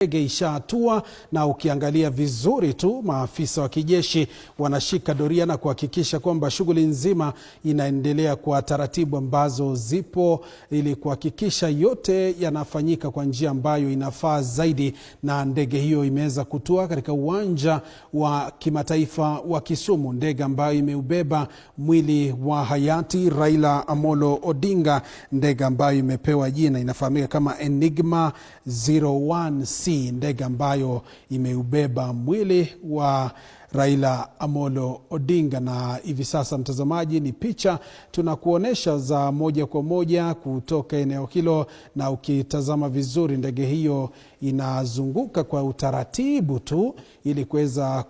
Ndege ishatua na ukiangalia vizuri tu maafisa wa kijeshi wanashika doria na kuhakikisha kwamba shughuli nzima inaendelea kwa taratibu ambazo zipo ili kuhakikisha yote yanafanyika kwa njia ambayo inafaa zaidi. Na ndege hiyo imeweza kutua katika uwanja wa kimataifa wa Kisumu, ndege ambayo imeubeba mwili wa hayati Raila Amolo Odinga, ndege ambayo imepewa jina inafahamika kama Enigma 01 ndege ambayo imeubeba mwili wa Raila Amolo Odinga. Na hivi sasa, mtazamaji, ni picha tunakuonyesha za moja kwa moja kutoka eneo hilo, na ukitazama vizuri, ndege hiyo inazunguka kwa utaratibu tu ili kuweza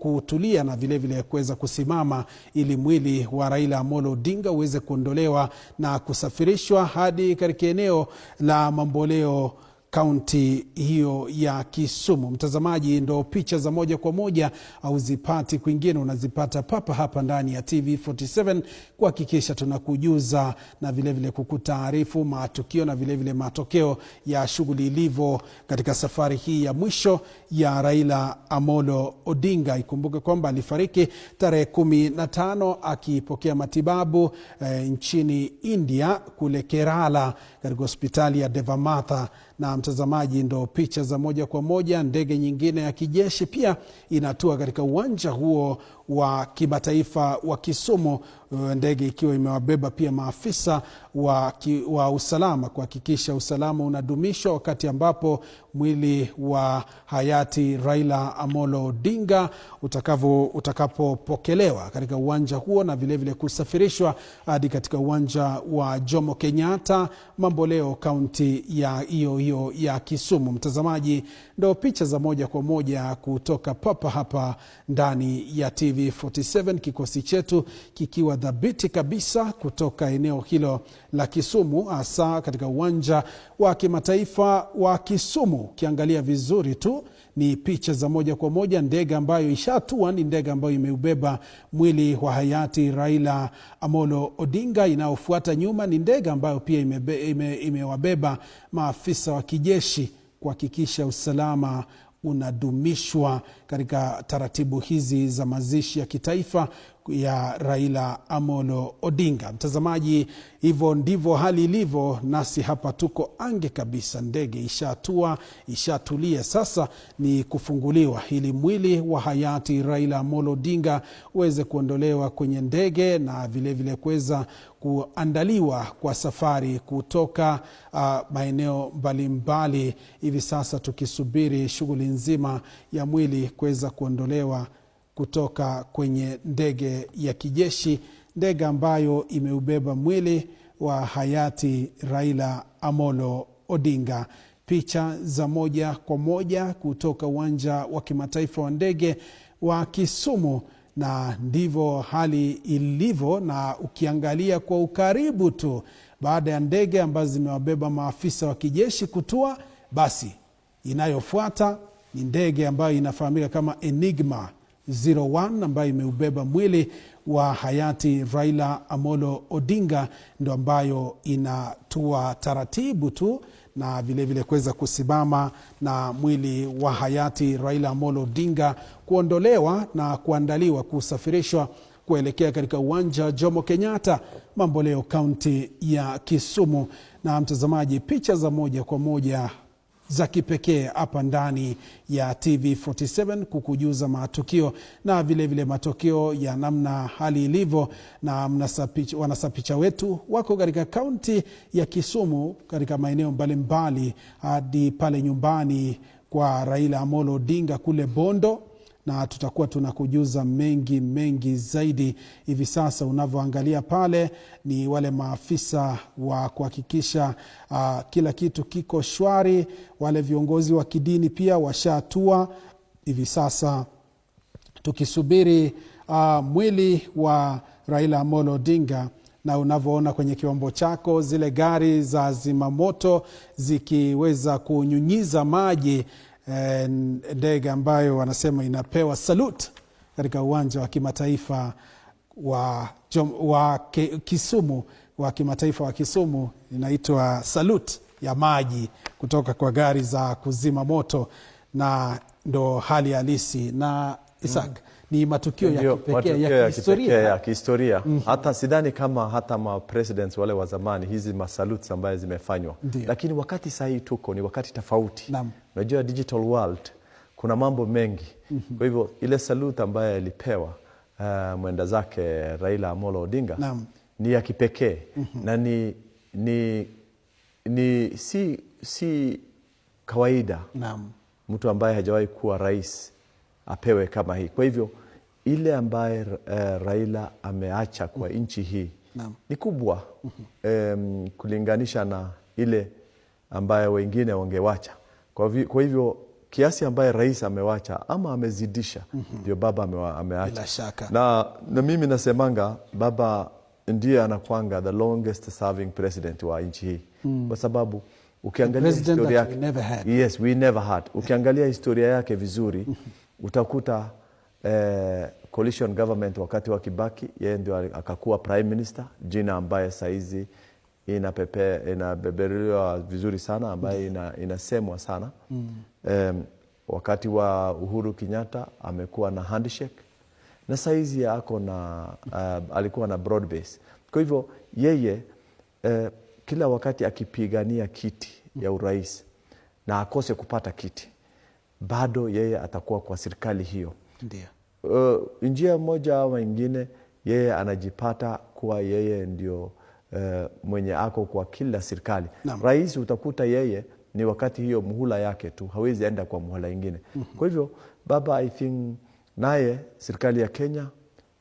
kutulia na vilevile kuweza kusimama ili mwili wa Raila Amolo Odinga uweze kuondolewa na kusafirishwa hadi katika eneo la Mamboleo kaunti hiyo ya Kisumu. Mtazamaji, ndo picha za moja kwa moja au zipati kwingine, unazipata papa hapa ndani ya TV47 kuhakikisha tunakujuza na vilevile kukutaarifu matukio na vilevile vile matokeo ya shughuli ilivyo katika safari hii ya mwisho ya Raila Amolo Odinga. Ikumbuke kwamba alifariki tarehe kumi na tano akipokea matibabu eh, nchini India kule Kerala katika hospitali ya Devamatha na mtazamaji, ndo picha za moja kwa moja. Ndege nyingine ya kijeshi pia inatua katika uwanja huo wa kimataifa wa Kisumu Uh, ndege ikiwa imewabeba pia maafisa wa, ki, wa usalama kuhakikisha usalama unadumishwa wakati ambapo mwili wa hayati Raila Amolo Odinga utakapopokelewa katika uwanja huo na vilevile vile kusafirishwa hadi katika uwanja wa Jomo Kenyatta Mamboleo, kaunti ya hiyo hiyo ya Kisumu. Mtazamaji, ndo picha za moja kwa moja kutoka papa hapa ndani ya TV 47 kikosi chetu kikiwa madhabiti kabisa kutoka eneo hilo la Kisumu, hasa katika uwanja wa kimataifa wa Kisumu. Ukiangalia vizuri tu ni picha za moja kwa moja, ndege ambayo ishatua ni ndege ambayo imeubeba mwili wa hayati Raila Amolo Odinga. Inayofuata nyuma ni ndege ambayo pia imewabeba ime, ime maafisa wa kijeshi kuhakikisha usalama unadumishwa katika taratibu hizi za mazishi ya kitaifa ya Raila Amolo Odinga. Mtazamaji, hivyo ndivyo hali ilivyo, nasi hapa tuko ange kabisa. Ndege ishatua ishatulia, sasa ni kufunguliwa ili mwili wa hayati Raila Amolo Odinga uweze kuondolewa kwenye ndege na vilevile kuweza kuandaliwa kwa safari kutoka uh, maeneo mbalimbali. Hivi sasa tukisubiri shughuli nzima ya mwili kuweza kuondolewa kutoka kwenye ndege ya kijeshi, ndege ambayo imeubeba mwili wa hayati Raila Amolo Odinga. Picha za moja kwa moja kutoka uwanja wa kimataifa wa ndege wa Kisumu, na ndivyo hali ilivyo, na ukiangalia kwa ukaribu tu baada ya ndege ambazo zimewabeba maafisa wa kijeshi kutua, basi inayofuata ni ndege ambayo inafahamika kama Enigma 01 ambayo imeubeba mwili wa hayati Raila Amolo Odinga, ndo ambayo inatua taratibu tu na vilevile kuweza kusimama na mwili wa hayati Raila Amolo Odinga kuondolewa na kuandaliwa kusafirishwa kuelekea katika uwanja Jomo Kenyatta Mamboleo, kaunti ya Kisumu. Na mtazamaji, picha za moja kwa moja za kipekee hapa ndani ya TV47 kukujuza matukio na vilevile vile matokeo ya namna hali ilivyo, na wanasapicha wetu wako katika kaunti ya Kisumu katika maeneo mbalimbali hadi pale nyumbani kwa Raila Amolo Odinga kule Bondo na tutakuwa tunakujuza mengi mengi zaidi. Hivi sasa unavyoangalia pale ni wale maafisa wa kuhakikisha uh, kila kitu kiko shwari. Wale viongozi wa kidini pia washatua hivi sasa, tukisubiri uh, mwili wa Raila Amolo Odinga na unavyoona kwenye kiwambo chako zile gari za zimamoto zikiweza kunyunyiza maji eh, ndege ambayo wanasema inapewa salut katika uwanja wa kimataifa wa, wa Kisumu wa kimataifa wa Kisumu inaitwa salut ya maji kutoka kwa gari za kuzima moto, na ndo hali halisi na Isaac mm. Ni matukio Ndiyo, ya kipekee ya kihistoria ya kihistoria mm -hmm. Hata sidhani kama hata ma presidents wale wa zamani hizi masalutes ambayo zimefanywa, lakini wakati sahii tuko ni wakati tofauti. Unajua digital world kuna mambo mengi mm -hmm. Kwa hivyo ile salute ambayo alipewa uh, mwenda zake Raila Amolo Odinga Naam. ni ya kipekee mm -hmm. na ni, ni, ni si, si kawaida Naam. mtu ambaye hajawahi kuwa rais apewe kama hii. Kwa hivyo ile ambaye uh, Raila ameacha kwa mm-hmm. nchi hii Naam. ni kubwa um, kulinganisha na ile ambayo wengine wangewacha. Kwa, kwa hivyo kiasi ambaye rais amewacha ama amezidisha mm-hmm. ndio mm -hmm. baba ame, ameacha na, na mimi nasemanga baba ndiye anakwanga the longest serving president wa nchi hii mm. kwa sababu ukiangalia historia yake, yes, we never had ukiangalia historia yake vizuri utakuta eh, coalition government wakati wa Kibaki, yeye ndio akakuwa prime minister, jina ambaye saizi inapepe vizuri sana ambaye ina, inasemwa sana mm. Eh, wakati wa Uhuru kinyatta amekuwa na handshake na saizi ako na uh, alikuwa na broad base. Kwa hivyo yeye eh, kila wakati akipigania kiti ya urais na akose kupata kiti bado yeye atakuwa kwa serikali hiyo. Uh, njia moja ama ingine yeye anajipata kuwa yeye ndio uh, mwenye ako kwa kila serikali. Rais utakuta yeye ni wakati hiyo muhula yake tu, hawezi enda kwa muhula ingine. mm -hmm. Kwa hivyo baba, I think naye serikali ya Kenya,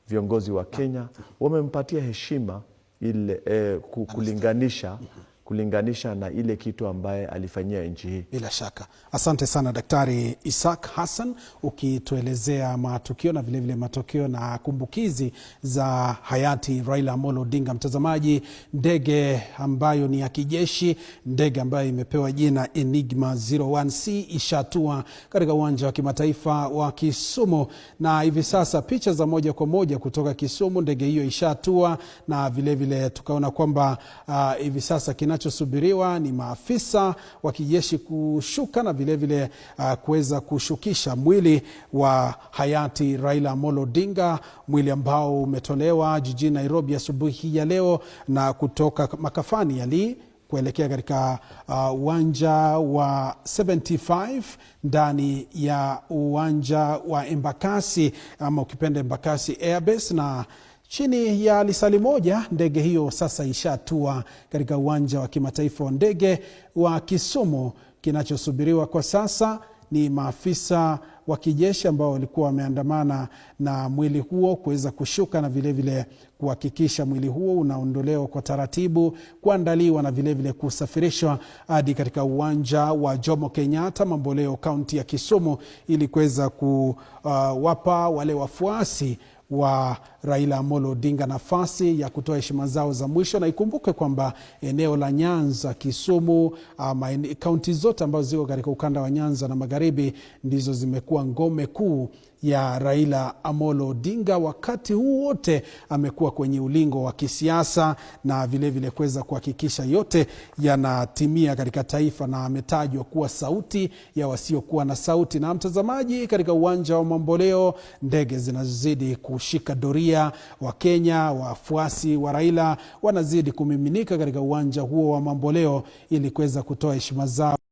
viongozi wa Kenya wamempatia heshima ile, eh, kulinganisha mhm kulinganisha na ile kitu ambaye alifanyia nchi hii. Bila shaka, asante sana Daktari Isaac Hassan ukituelezea matukio na vilevile vile matokeo na kumbukizi za hayati Raila Amolo Odinga. Mtazamaji, ndege ambayo ni ya kijeshi, ndege ambayo imepewa jina Enigma 01C ishatua katika uwanja wa kimataifa wa Kisumu, na hivi sasa picha za moja kwa moja kutoka Kisumu, ndege hiyo ishatua na vilevile vile tukaona kwamba uh, sasa kina kinachosubiriwa ni maafisa wa kijeshi kushuka na vilevile uh, kuweza kushukisha mwili wa hayati Raila Amolo Odinga, mwili ambao umetolewa jijini Nairobi asubuhi ya, ya leo na kutoka makafani yali kuelekea katika uh, uwanja uh, wa 75 ndani ya uwanja wa Embakasi ama ukipenda Embakasi Airbase na Chini ya lisali moja ndege hiyo sasa ishatua katika uwanja wa kimataifa wa ndege wa Kisumu. Kinachosubiriwa kwa sasa ni maafisa wa kijeshi ambao walikuwa wameandamana na mwili huo kuweza kushuka na vilevile kuhakikisha mwili huo unaondolewa kwa taratibu, kuandaliwa na vilevile kusafirishwa hadi katika uwanja wa Jomo Kenyatta Mamboleo, kaunti ya Kisumu, ili kuweza kuwapa uh, wale wafuasi wa Raila Amolo Odinga nafasi ya kutoa heshima zao za mwisho, na ikumbuke kwamba eneo la Nyanza, Kisumu, ah, kaunti zote ambazo ziko katika ukanda wa Nyanza na magharibi ndizo zimekuwa ngome kuu ya Raila Amolo Odinga. Wakati huu wote amekuwa kwenye ulingo wa kisiasa na vilevile kuweza kuhakikisha yote yanatimia katika taifa, na ametajwa kuwa sauti ya wasiokuwa na sauti. Na mtazamaji, katika uwanja wa Mamboleo ndege zinazidi kushika doria, Wakenya wafuasi wa Raila wanazidi kumiminika katika uwanja huo wa Mamboleo ili kuweza kutoa heshima zao.